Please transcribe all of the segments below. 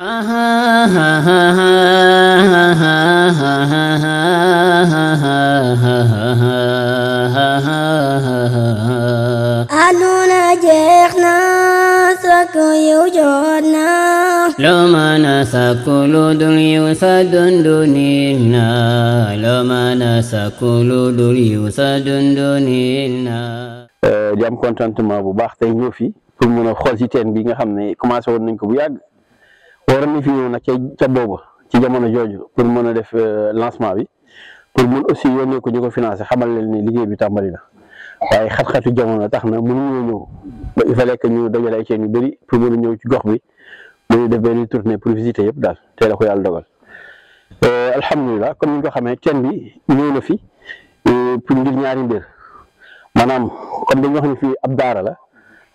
aduna jeex na sakku yiw jot na loo mën a sakku lu dul bu baax tey ñëw fi pour mën a teen bi nga xam ne commencé woon nañ ko bu yàgg waroon nañ fi ñëw na ca ca boobu ci jamono jooju pour mën a def euh, lancement bi pour mun aussi yónnee ko ñu ko financé xamal leen ni liggéey bi tàmbali na waaye xat-xatu jamono tax na mënuñoo ñëw ba il fallait que ñu dajale ay chaîne yu bëri pour ñëw ci gox bi mën def benn tournée pour visiter yëpp daal tey la ko yàlla dogal. Euh, alhamdulilah comme ni nga ko xamee chaîne bi ñëw na fi euh, pour ngir ñaari mbir maanaam comme dañu wax ni fii ab baara la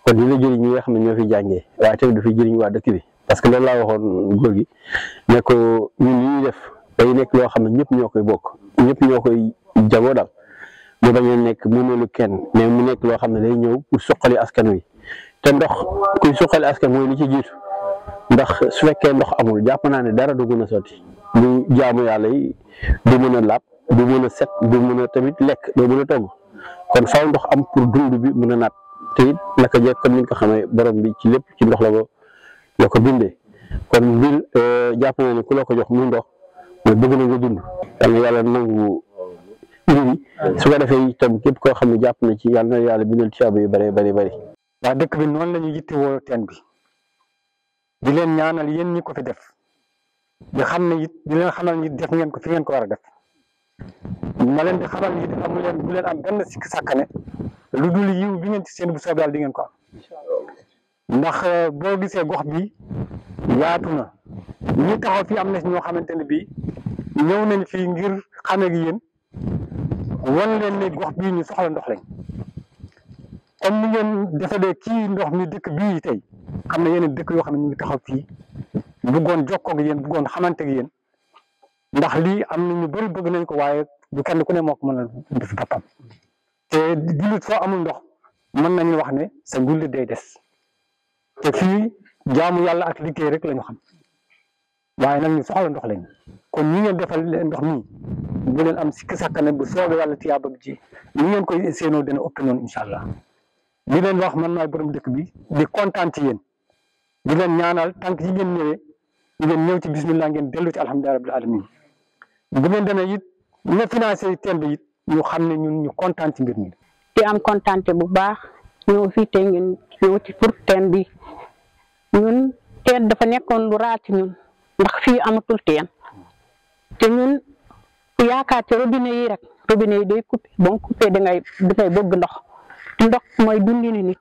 kon dina jëriñ ñi nga xam ne ñoo fi jàngee waaye tamit dafay jëriñ waa dëkk bi. parce que loolu laa waxoon góor gi ne ko ñun li def day nekk loo xam ne ñëpp ñoo koy bokk ñëpp ñoo koy jagoo daal mu bañ a nekk mëneelu kenn mais mu nekk loo xam ne day ñëw pour suqali askan wi te ndox kuy suqali askan mooy li ci jiit ndax su fekkee ndox amul jàpp naa ne dara du mën a sotti du jaamu yàlla yi du mën a laab du mën a set du mën a tamit lekk doo mën a togg kon faaw ndox am pour dund bi mën a naat te it naka jekk kon ni nga ko xamee borom bi ci lépp ci ndox la la ko bindee kon mbir euh, jàpp na ne ku la ko jox mu ndox mooy bëgg na nga dund yal na yàlla nangu indi su ko defee itam képp koo xam ne jàpp na ci yal na yàlla bindal tiyaaba yu bëree bëri bëri. waa dëkk bi noonu la ñu yittewoo teen bi di leen ñaanal yéen ñi ko fi def di xam ne it di leen xamal ni def ngeen ko fi ngeen ko war a def ma leen di xamal ni amu leen bu leen am benn sikk sàkkane lu dul yiw bi ngeen ci seen bu soobee yàlla di ngeen ko am. ndax euh, boo gisee gox bi yaatu na ñi taxaw fii am na si ñoo xamante ne bii ñëw nañ fii ngir xamee gi yéen wan leen ne gox bii ñu soxla ndox lañ comme ni ngeen defe de kii ndox mi dëkk bii tey am na yeneen dëkk yoo xam ne ñu ngi taxaw fii bëggoon jokkoo ak yéen bëggoon xamante ak yéen ndax lii am na ñu bëri bëgg nañ ko waaye du kenn ku ne mook ko mën a soo amul ndox mën nañu wax ne sa jullit day des. te fii jaamu yàlla ak liggéey rek la ñu xam waaye nag ñu soxla ndox lañ kon ñi ngeen defal ndox mi bu leen am sikk sàkk nag bu soobee yàlla tiyaabam ji ñi ngeen koy séenoo dana ëpp noonu incha allah di leen wax man maay borom dëkk bi di kontaan ci yéen di leen ñaanal tànk yi ngeen ñëwee di leen ñëw ci bismillah ngeen dellu ci alhamdulilah rabbil alamin bu ngeen demee it nga financé teen bi it ñu xam ne ñun ñu kontaan ci mbir mi. di bu baax ñëw fii te ñun bi. ñun teen dafa nekkoon lu raar ci ñun ndax fii amatul teen te ñun yaakaar ci robinet yi rek robinet yi day coupé ba mu coupé da ngay dafay bëgg ndox ndox mooy dundini nit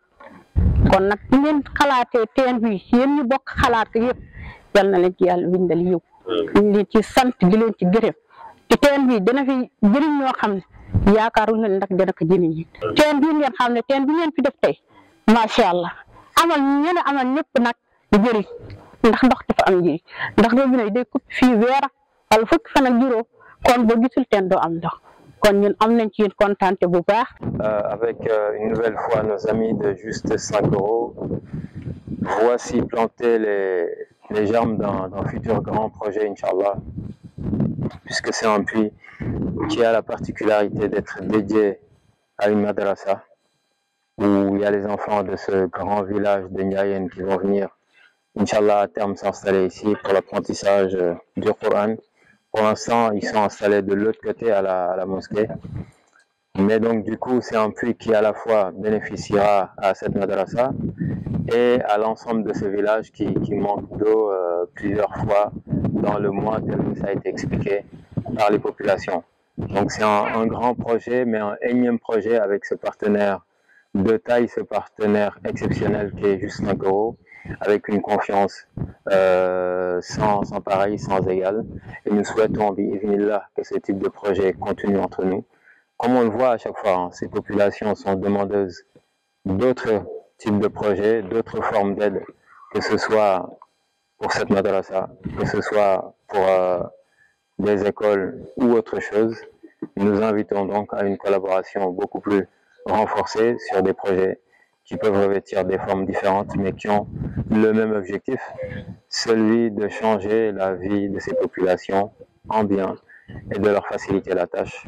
kon nag bu ngeen xalaatee teen bi yéen ñu bokk xalaat yëpp yal na leen ci yàlla windal yëw ñu leen ci sant di leen ci gërëm te teen bi dana fi jëriñ ñoo xam ne yaakaaruñ leen ndax dana ko jëriñ teen bi ngeen xam ne teen bi ngeen fi def tey macha allah amal ñene amal ñëpp nag ndax ndox dafa am ndax day coupe fii weer wala fukki fan ak juróom kon gisul teen doo am ndox kon ñun am nañ ci yéen bu baax. Euh, avec euh, une nouvelle fois nos amis de juste 5 euros voici planter les les germes d'un futur grand projet inchallah puisque c'est un puits qui a la particularité d'être dédié à une madrasa où il y a les enfants de ce grand village de Nyayen qui vont venir Inch'Allah, à terme, s'installer ici pour l'apprentissage euh, du Coran. Pour l'instant, ils sont installés de l'autre côté à la, mosquée. Mais donc, du coup, c'est un puits qui à la fois bénéficiera à cette madrasa et à l'ensemble de ce village qui, manque d'eau euh, plusieurs fois dans le mois, tel que ça a été expliqué par les populations. Donc, c'est un, un grand projet, mais un énième projet avec ce partenaire de taille, ce partenaire exceptionnel qui est Justin Goro avec une confiance euh, sans, pareil, sans égal. Et nous souhaitons, là que ce type de projet continue entre nous. Comme on le voit à chaque fois, hein, ces populations sont demandeuses d'autres types de projets, d'autres formes d'aide, que ce soit pour cette madrasa, que ce soit pour euh, des écoles ou autre chose. Nous invitons donc à une collaboration beaucoup plus renforcée sur des projets qui peuvent revêtir des formes différentes, mais qui ont le même objectif, celui de changer la vie de ces populations en bien et de leur faciliter la tâche,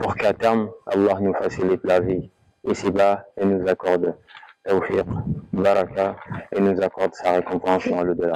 pour qu'à terme, Allah nous facilite la vie ici-bas et nous accorde la baraka et nous accorde sa récompense dans le-delà.